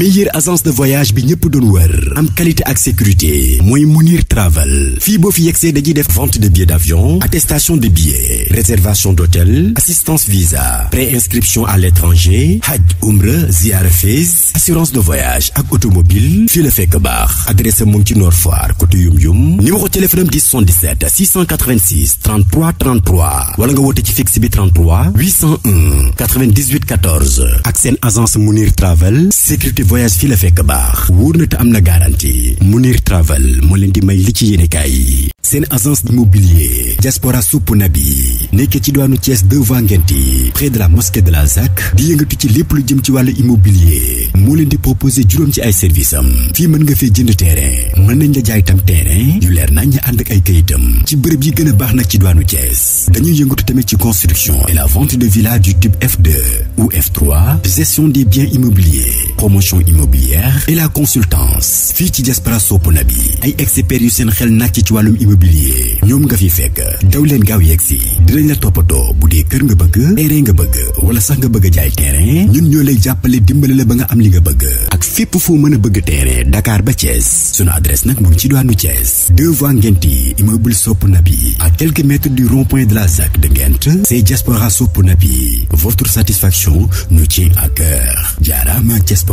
meilleure agence de voyage bi ñëpp doon wër am qualité ak sécurité mooy Munir Travel fii boo fi yegsee dañuy def vente de billets d'avion attestation de billets réservation d'hôtel assistance visa pré-inscription à l'étranger hajj umra ziara Fès assurance de voyage ak automobile fii la fekk baax adresse moom ci Nord Foire côté Yum Yum numéro téléphone am di 77 686 33 33 wala nga woote ci fixe bi 33 801 98 14 ak seen agence Munir Travel sécurité voyage fii la fekk baax wóor na te am na mu Munir Travel moo leen di may li ci yéenekaay yi seen agence immobilier diaspora suppuna yi nekk ci doonu Thiès devant yi près de la mosquée de la ZAC di yëngatu ci lépp lu jëm ci wàllu immobilier moo leen di proposer juróom ci ay services am fii mën nga fee jënd terrain mën nañ la jaay tam terrain yu leer nañ ñu ànd ak ay kayitam ci bërëb yi gën a baax nag ci doonu Thiès dañuy yëngatu tamit ci construction et la vente de villas du F2 ou F3 gestion promotion immobilière et la consultance fii ci Diaspora Soppona bi ay experts yu seen xel nàcc ci wàllum immobilier ñoom nga fi fekk daw leen gaaw yegg si dinañ la toppatoo bu dee kër nga bëgg terrain nga bëgg wala sax nga bëgg a jaay terrain ñun ñoo lay jàppale dimbale la ba nga am li nga bëgg ak fépp foo mën a bëgg terrain Dakar ba Thiès sunu adresse nag mu ngi ci doonu Thiès deux voies Ngenti immeuble Soppona bi à quelques mètres du rond de la ZAC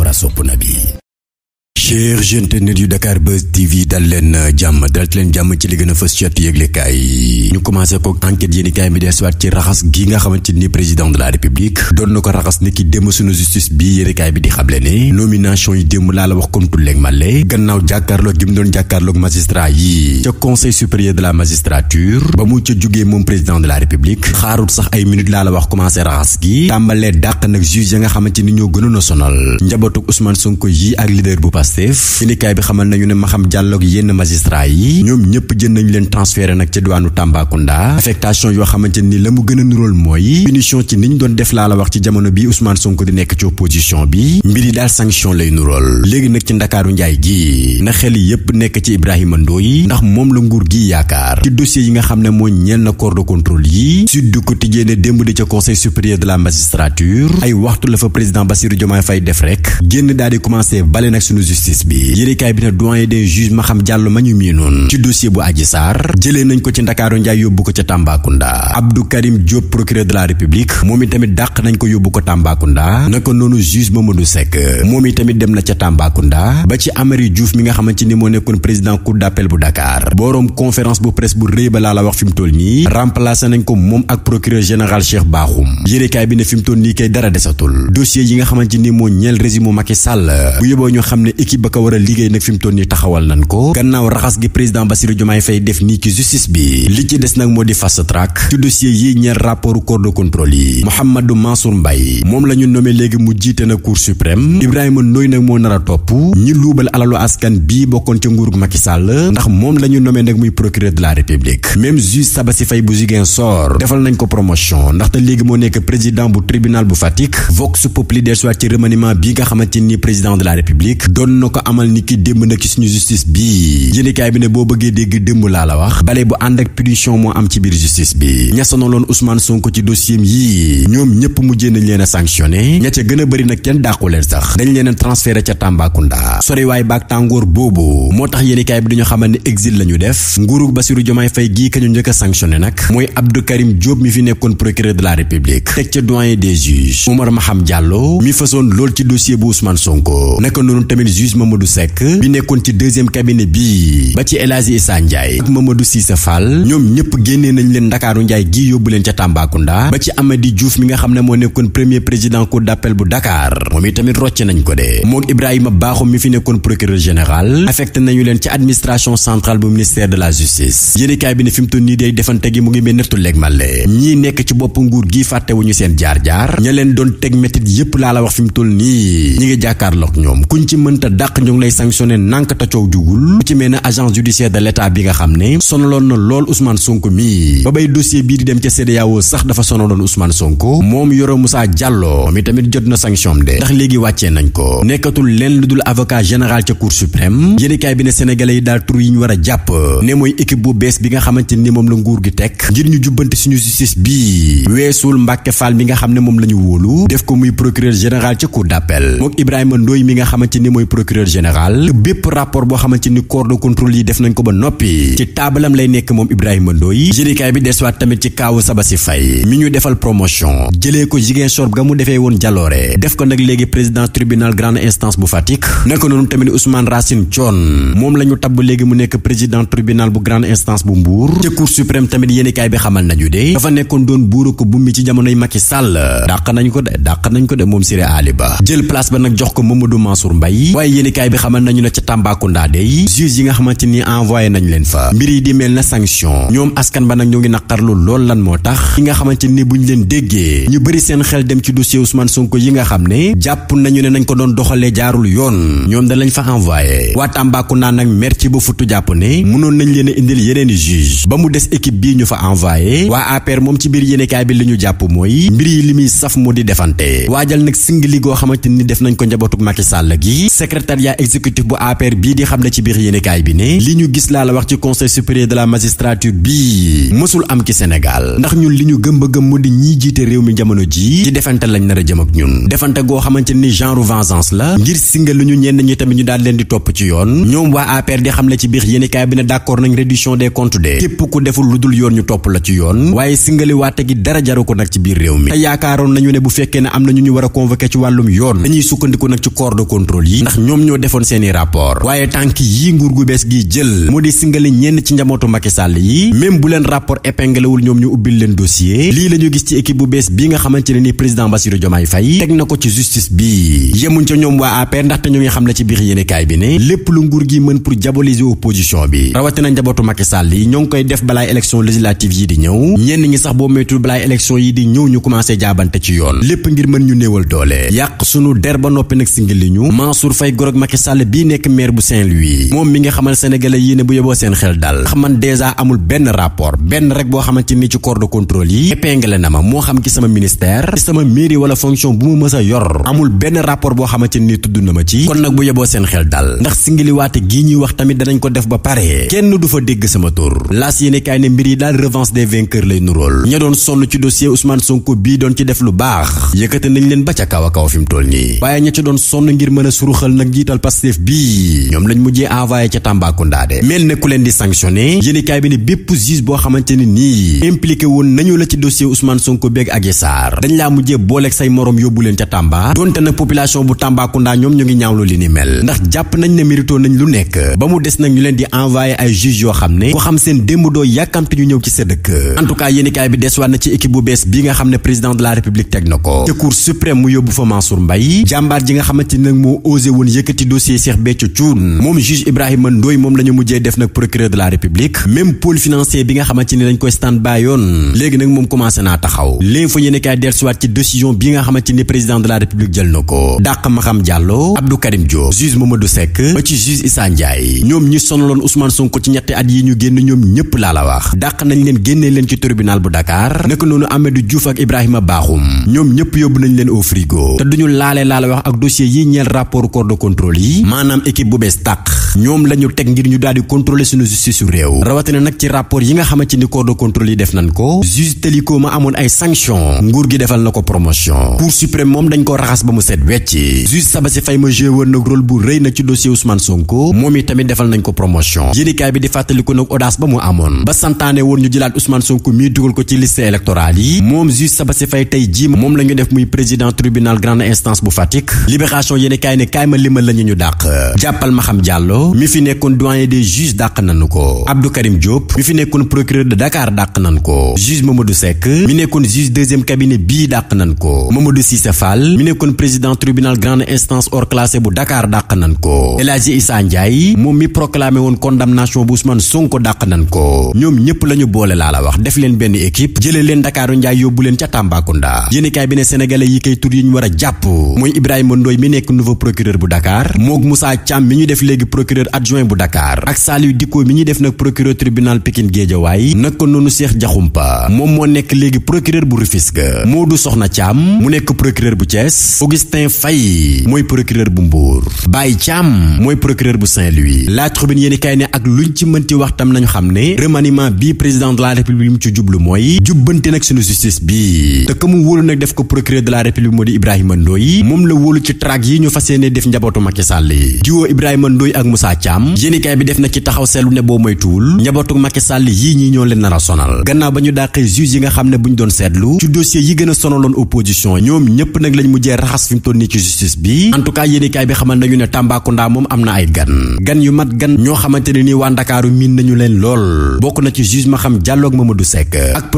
diaspora sopp na bi cher internet yu Dakar Buzz TV dal leen euh, jàmm dalat leen jàmm ci li gën a fës ci yëglekaay yi ñu commencé ko enquête yéeni kaay mi dellusiwaat ci raxas gi nga xamante ni président de la république doon na ko raxas ni ki démb sunu justice bi yéenekaay bi di xamle ne nomination laa la wax kon tulleeg male gannaaw jàkkaarloo gi mu doon jàkkaarloog magistrat de la magistrature ba mu ca moom président de la république xaarut sax ay minutes laa la wax commencé raxas gi tàmbalee dàq nag nga xamante ni ñoo gënoon a sonal njabootu Ousmane Sonko yi ak leader bu Pastef Pastef yéenekaay bi xamal nañu ne Maham xam ak yenn magistrat yi ñoom ñëpp jën nañu leen transféré nag ca diwaanu Tambacounda affectation yoo xamante ni la mu gën a nurool mooy punition ci niñ doon def laa la wax ci jamono bi Ousmane Sonko di nekk ci opposition bi mbir yi daal sanction lay nurool léegi nag ci Ndakaaru Njaay gi na xel yépp nekk ci Ibrahima Ndoye ndax moom la nguur gi yaakaar ci dossier yi nga xam ne moo ñeel na corps de yi Sud du Quotidien ne démb ca conseil supérieur de la magistrature waxtu la fa président Bassirou Diomaye Faye def rek génn daal di commencé bale nag sunu justice justice bi yéenekaay bi ne doyen des juges Maham Diallo ma ñu miinoon ci dossier bu Adji Sarr jëlee ko ci Ndakaaru Njaay yóbbu ko ca Tambacounda Abdou Karim Diop procureur de la République moom itamit dàq nañ ko yóbbu ko Tambacounda naka noonu juge Mamadou Seck moom ba ci Amary Diouf mi nga xamante ni moo nekkoon président cour d'appel bu Dakar boroom conférence bu presse bu rëy ba laa la wax fi toll nii remplacé nañ ko moom ak procureur général Cheikh Bakhoum yéenekaay bi ni moo ñeel régime Macky Sall bu yóbboo ñu ne équipe ba ko war a liggéey nag fi mu toll nii taxawal nañ ko gannaaw raxas gi président Bassirou Diomaye Faye def nii ci justice bi li ci des nag moo di fast track ci dossier yi ñeel rapport corps de contrôle yi Mouhamadou Mansour Mbaye moom la ñu nommé léegi mu jiite na cour suprême Ibrahima Ndoye nag moo nar a topp ñi luubal alalu askan bi bokkoon ca nguurug Macky Sall ndax moom la ñu nommé nag muy procureur de la république même juge Sabassi Faye bu Ziguinchor defal nañ ko promotion ndaxte léegi moo nekk président bu tribunal bu Fatick Vox Populi bi nga xamante ni président de la république doon doon na ko amal ni ki démb nag ci suñu justice bi yéenekaay bi ne boo bëggee dégg démb laa la wax bale bu ànd ak punition moo am ci biir justice bi ñasano loon Ousmane Sonko ci dossier yi ñoom ñëpp mujjee nañ leen a ña ca gën a bëri nag kenn dàqu leen sax dañ leen a transféré ca Tambacounda soriwaay baag tàngoor boobu moo tax yéenekaay bi dañu xamal ne exil la ñu def nguurug Bassirou Diomaye Faye gii ka ñu njëkk a sanctionné nag mooy Abdou Karim Diop mi fi nekkoon procureur de la République teg ca doyen des juges Oumar Maham Diallo mi juge Mamadou Seck bi nekkoon ci deuxième cabinet bi ba ci El Hadji Issa Ndiaye ak Mamadou Cissé Fall ñoom ñëpp génnee nañ leen Ndakaaru Ndiaye gi yóbbu leen ca Tambacounda ba ci Amady Diouf mi nga xam ne moo nekkoon premier président cour d'appel bu Dakar moom itamit rocce nañ ko de mook Ibrahima Bakhoum mi fi nekkoon procureur général affecté nañu leen ci administration centrale bu ministère de la justice yéenekaay bi ne fi mu toll nii day defante gi mu ngi mel nettul leeg gi fàttewuñu seen jaar-jaar ña leen doon teg métit dàq ñu ngi lay sanctionné nànk ta coow jugul ci mel ne agence judiciaire de l'état bi nga xam ne sonaloon na lool Ousmane Sonko mi ba bay dossier bii di dem ca CEDEAO sax dafa sonaloon Ousmane Sonko moom Yoro Moussa Diallo mi tamit jot na sanction de ndax léegi wàccee nañ ko nekkatul leen lu dul avocat général ca cour suprême yéenekaay bi ne sénégalais yi daal tur yi ñu war a jàpp ne mooy équipe bu bees bi nga xamante ni moom la nguur gi teg ngir ñu jubbante suñu justice nga xam ne moom la ñu wóolu def ko muy procureur mi nga xamante ni procureur général bépp rapport boo xamante ni corps de contrôle yi def nañ ko ba noppi ci taabalam lay nekk moom Ibrahima Ndoye yéenekaay bi desuwaat tamit ci kaawu Sabassy Faye mi ñu defal promotion jëlee ko Ziguinchor ga mu defee woon jaloore def ko nag léegi président tribunal grande instance bu Fatick naka noonu tamit Ousmane Racine Thion moom la ñu tabb léegi mu nekk président tribunal bu grande instance bu Mbour ca cour suprême tamit yéenekaay bi xamal nañu de dafa nekkoon doon buuru ko bummi ci jamonoy Macky Sall dàq ko de ko de moom Siré Ba jël place ko Mamadou Mansour Mbaye waaye yéenekaay bi xamal nañu ne ca Tambacounda day juge yi nga xamante ni envoyé nañ leen fa mbir yi di mel na sanction askan ba nag ñoo ngi naqarlu lool lan moo tax yi nga xamante ni buñ leen déggee ñu bëri seen xel dem ci dossier Ousmane Sonko yi nga xam ne jàpp nañu ne nañ ko doon doxalee jaarul yoon ñoom da lañ fa envoyé waa Tambacounda nag mer ci ba futu jàpp ne nañ leen indil yeneen i juge ba mu des équipe bii ñu fa envoyé waa APR moom ci biir yéenekaay bi li ñu jàpp mooy mbir yi li muy saf mu di defante waajal nag singli goo xamante ni def nañ ko njabootuk Macky Sall gi secrétariat exécutif bu APR bii xam ne ci biir yéenekaay bi ne li ñu gis laa la wax ci conseil supérieur ndax ñun li ñu gëm ba gëm mu di ñiy jiite réew mi jamono ji ci defante lañ nar a jëm ak ñun defante goo xamante ni genre vengeance la ngir singal lu ñu ñenn ñi tamit ñu daal leen di topp ci yoon ñoom waa APR di xam ne ci biir yéenekaay bi ne d'accord nañ réduction des comptes de képp ku deful lu dul yoon ñu topp la ci yoon waaye singali waate gi dara jaru ko nag ci biir réew mi te yaakaaroon nañu ne bu fekkee ne am na ñu ñu war a convoqué ci wàllum yoon dañuy sukkandiku nag ci corps de yi ñoom ñoo defoon seeni rapport waaye tànk yi nguur gu ci njabootu Macky Sall bi ne lépp lu nguur gi mën pour diaboliser opposition bi rawatina njabootu Macky yi ñoo ngi koy def balaay élection législative yi di ñëw ñenn ñi sax boo moytul balaay élection yi di ñëw ñu commencé jaabante ci yoon lépp ngir mën ñu néewal doole yàq sunu der ba noppi nag singali ñu Mansour Faye Gorog Macky Sall bii nekk maire bu Saint-Louis moom mi nga xamal sénégalais yii ne bu yóbboo seen xel dal ndax man dèjà amul benn rapport benn rek boo xamante ni ci corps de yi épingle na ma moo xam ci sama ministère ci sama mairie wala fonction bu ma mës a yor amul benn rapport boo xamante ni tudd na ma ci kon nag bu yóbboo seen xel dal ndax singiliwaate gii ñuy wax tamit danañ ko def ba pare kenn du fa dégg sama tur laas yéene kaay ne mbir yi daal revanche des vainqueurs lay nurool ña doon sonn ci dossier Ousmane Sonko bii doon ci def lu baax yëkkate nañ leen ba ca kaw a kaw fi mu toll nii njiital Pastef bii ñoom lañ mujjee envoyé ca Tambacounda de mel ne leen di sanctionné yéenekaay bi ne bépp juge boo xamante ni nii impliqué woon nañu la ci dossier Ousmane Sonko beeg Adji Sarr dañ laa mujjee booleeg say moroom yóbbu leen ca Tamba ñoom ñu ngi ñaawlu li ni mel ndax jàpp nañ ne mérito nañ lu nekk ba mu des nag ñu leen di envoyé ay juge yoo xam ne ku xam seen démb doo yàkkamte ñu ñëw ci sa dëkk en tout bi desuwaat na ne yëkkati dossier Cheikh Béthio Thioune moom juge Ibrahima Ndoye moom la ñu mujjee la République même pôle la République jël na ko dàq Maham Diallo Abdou Karim Diop juge Mamadou Seck ba ci juge Issa Ndiaye ñoom ñi sonaloon Ousmane Sonko ci ñetti at yi ñu génn ñoom ñëpp laa la wax dàq nañ leen génnee leen ci tribunal bu Dakar naka noonu Amadou Diouf ak Ibrahima Bakhoum ñoom ñëpp yóbbu nañ leen au frigo te duñu laale laa la wax ak dossier yi ñeel rapport corps de contrôle yi maanaam équipe bu bees tàq ñoom la teg ngir ñu daal di suñu justice su réew rawatina nag ci rapport yi nga xamante ni corps de yi def nañ ko juge moom dañ i tamit defal nañ ko promotion yéenekaay bi di fàttaliku nag audace ba mu amoon ba santaane woon ñu jëlaat Ousmane Sonko mii dugal ko ci liste électorale yi moom juge Sabassy Faye tey jii moom la def muy président tribunal grande instance bu Fatick libération yéenekaay ne kaay ma ma la ñu ñu dàq jàppal ma xam Diallo mi fi nekkoon doyen des juges dàq nañu ko Abdou Karim Diop mi fi nekkoon procureur de Dakar dàq nañu ko juge Mamadou Seck mi nekkoon juge deuxième cabinet bii dàq nañu ko Mamadou Cissé Fall mi nekkoon président tribunal grande instance hors classé bu dakaar dàq nañu ko El Hadji Issa moom mi proclamé woon condamnation bu Ousmane Sonko dàq nañu ko ñoom ñëpp la ñu boole laa la wax def leen benn équipe jëlee leen Dakaaru Ndiaye yóbbu leen ca Tambacounda yéenekaay bi ne sénégalais yi kay tur yi ñu war a jàpp mooy Ibrahima mi nekk nouveau procureur bu Dakar Dakar mook Moussa Thiam mi ñu def léegi procureur adjoint bu Dakar ak Saliou Dikko mi ñu def nag procureur tribunal Pikine Guédiawaye naka noonu Cheikh Diakhoumpa moom moo nekk léegi procureur bu Rufisque Modou Soxna Thiam mu nekk procureur bu Thiès Augustin Faye mooy procureur bu Mbour Baye Thiam mooy procureur bu Saint-Louis La Tribune yéeni kaay ne ak luñ ci mënti wax tam nañu xam ne remaniement bi président de la République mu ci jublu mooy jubbanti nag suñu justice bi njabootu Macky Sall yi jiwoo Ibrahima Ndoye ak Moussa Thiam yéenikaay bi def na ci taxaw seetlu ne boo moytuwul njabootu Macky Sall yii ñoo leen nar a sonal gannaaw ba ñu dàqee juge yi nga xam ne bu ñu doon seetlu ci dossier yi gën a sonaloon opposition ñoom ñëpp nag lañ mujjee raxas fi mu nii ci justice bi en tout bi xamal nañu ne Tambacounda moom am na ay gan gan yu mat gan ñoo xamante nii waa Ndakaaru miin nañu leen lool bokk na ci juge ma xam Diallo ak Mamadou Seck ak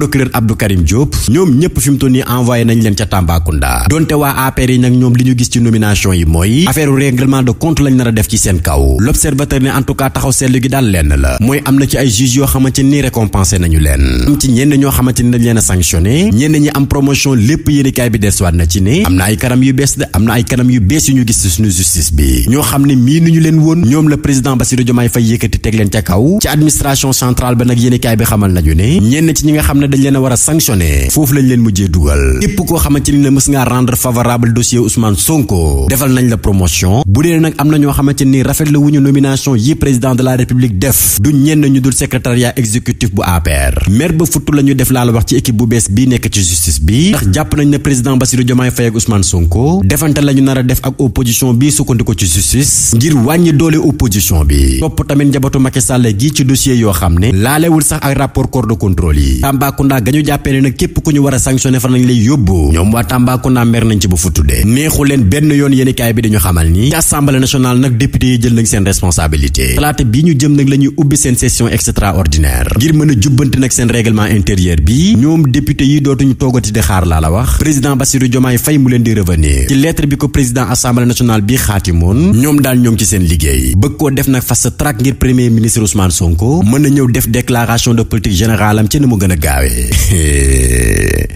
règlement de compte lañ nar a def ci seen kaw l'observateur ne en tout cas taxaw gi daal lenn la mooy am na ci ay juge yoo xamante ni récompensé nañu leen am ci ñenn ñoo xamante ni dañ leen a sanctionné ñenn ñi am promotion lépp yéenekaay bi desuwaat na ci ne am na ay kanam yu bees am na ay kanam yu bees yu ñu gis suñu justice bi ñoo xam ne mii ni ñu leen woon ñoom la président Bassirou Diomaye Faye yëkkati teg leen ca kaw ci administration centrale nomination bu dee nag am na ñoo xamante ni rafet la wuñu nomination yi président de la république def du ñenn ñu dul secrétariat exécutif bu APR maire ba futt la ñu def laa la wax ci équipe bu bees bii nekk ci justice bi ndax jàpp nañ ne président Bassirou Diomaye Faye ak Ousmane Sonko defante la ñu nar a def ak opposition bi sukkandiku ci justice ngir wàññi doole opposition bi topp tamit njabootu Macky Sall gi ci dossier yoo xam ne laalewul sax ak rapport corps de yi Tambacounda ga ñu jàppee ne nag képp ku ñu war a sanctionné fa nañ lay yóbbu ñoom waa Tambacounda mer nañ ci ba leen benn yoon yéenekaay bi dañu xamal ñi ci assemblée nationale nag député yi jël nañ seen responsabilité talaata bi ñu jëm nag la ñuy ubbi seen session extraordinaire ngir mën a jubbanti nag seen réglement intérieur bi ñoom député yi dootuñu toogati di xaar laa la wax président Bassirou Diomaye fay mu leen di revenir ci lettre bi ko président assemblée nationale bi xaatimoon ñoom daal ñoo ngi ci seen liggéey bëgg ko def nag fast track ngir premier ministre Ousmane Sonko mën na ñëw def déclaration de politique générale am ci ni mu gën a gaawee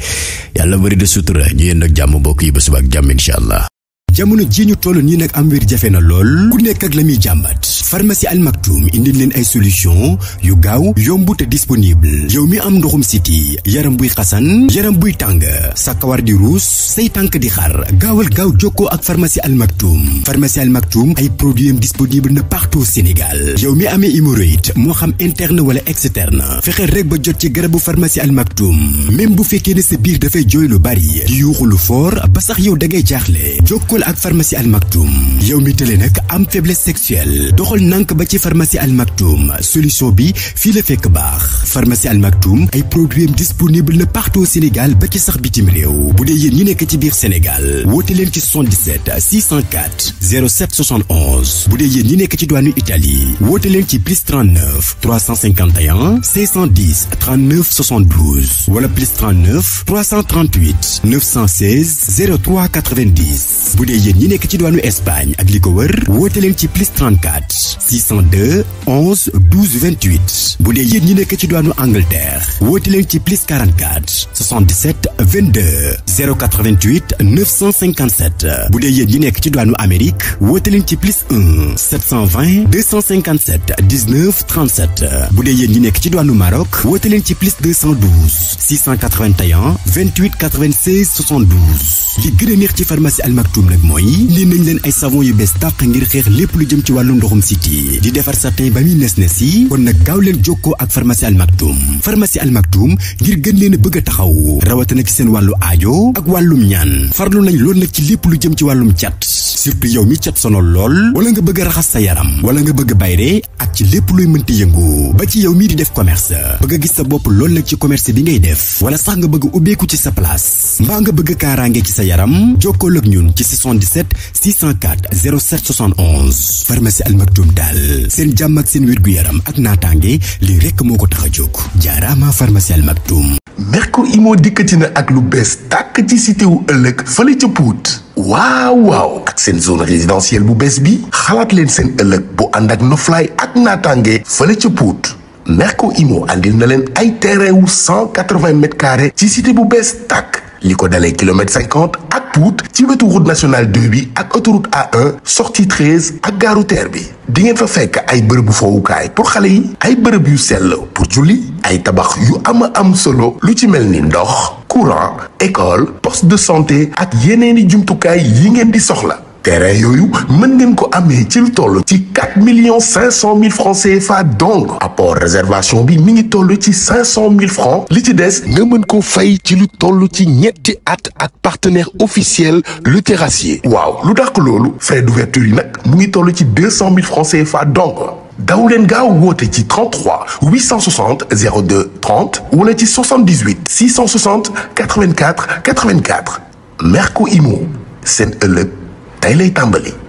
yàlla bëri de sutura ñu yéen nag jàmm mbokk yi ba suba ak jàmm allah jamono ji ñu toll nii nag am wér jafe na lool ku nekk ak la muy jàmbat pharmacie Al Maktoum indi leen ay solution yu gaaw yomb te disponible yow mi am ndoxum siti yaram buy xasan yaram buy tàng sa kawar di ruus say tànk di xar gaawal gaaw jokkoo ak pharmacie Al Maktoum pharmacie Al Maktoum ay produit am disponible na partout Sénégal yow mi amee hémorroïde moo xam interne wala externe fexeel rek ba jot ci garabu pharmacie Al Maktoum même bu fekkee ne sa biir dafay jooy lu bari di yuuxu sax yow ak pharmacie Al Maktoum yow mi tële nag am faiblesse sexuelle doxal nank ba ci pharmacie Al Maktoum solution bi fii la fekk baax pharmacie Al Maktoum ay produits disponible na partout au Sénégal ba ci sax bitim réew bu dee yéen nekk ci biir Sénégal woote leen ci 77 604 07 71 bu dee yéen ñi nekk ci douane Italie woote leen ci plus 39 351 610 39 72 wala plus 39 338 916 03 90. dee yéen ñi nekk ci diwaanu Espagne ak li ko wër woote leen ci plus 34 602 11 12 28 bu dee yéen ñi nekk ci diwaanu Angleterre woote leen ci plus 44 77 22 088 957 bu dee yéen ñi nekk ci diwaanu Amérique woote leen ci plus 1 720 257 19 37 bu dee yéen ñi nekk ci diwaanu Maroc woote leen ci plus 212 681 28 96 72 li gën a neex ci pharmacie mooy lii nañ leen ay savon yu bees tàq ngir xeex lépp lu jëm ci wàllu ndoxum siti di defar sarten ba muy nes nes yi kon nag gaaw leen jokkoo ak pharmacie Al Maktoum pharmacie Al Maktoum ngir gën leen a bëgg a taxaw rawatina ci seen wàllu aajo ak wàllum ñaan farlu nañ lool nag ci lépp lu jëm ci wàllum cat surtout yow mi cat sonal lool wala nga bëgg a raxas sa yaram wala nga bëgg a ak ci lépp luy mënti yëngu ba ci yow mii di def commerce ba nga gis sa bopp lool nag ci commerce bi ngay def wala sax nga bëgg ubbeeku ci sa place mbaa nga bëgg kaaraange ci sa yaram jokkoo ak ñun ci 77 604 07 71 pharmacie Al Maktoum daal seen jàmm ak seen wér yaram ak naataange li rek moo ko tax a jóg jaaraama pharmacie Al Maktoum. Merco Imo dikkati na ak lu bees tàkk ci cité wu ëllëg fële ca Pout. waaw waaw ak seen zone résidentielle bu bees bi xalaat leen seen ëllëg bu ànd ak noflaay ak naataange fële ca Pout Merco Imo andil na leen ay terrain wu 180 ci cité bu bees tàkk li ko dalee kilomètre cinquante ak Pout ci wetu route nationale 2 bi ak autoroute A1 sortie ak gaaru terre bi di ngeen fa fekk ay bërëbu fowukaay pour xale yi ay bërëb yu sell pour julli ay tabax yu ama am solo lu ci mel ni ndox courant école poste de santé ak yeneeni jumtukaay yi ngeen di soxla terrain yooyu mën ngeen ko amee ci lu toll ci quatre millions cinq cent mille francs CFA donc apport réservation bi mi ngi toll ci cinq cent mille francs li ci des nga mën ko fay ci lu toll ci ñetti at at partenaire officiel le terrassier waaw lu dàq loolu frais d'ouverture yi nag mu ngi toll ci deux cent mille francs CFA donc daw leen gaaw woote ci 33 860 02 30 wala ci 78 660 84 84 Merco Imo seen ëllëg tey lay tàmbali.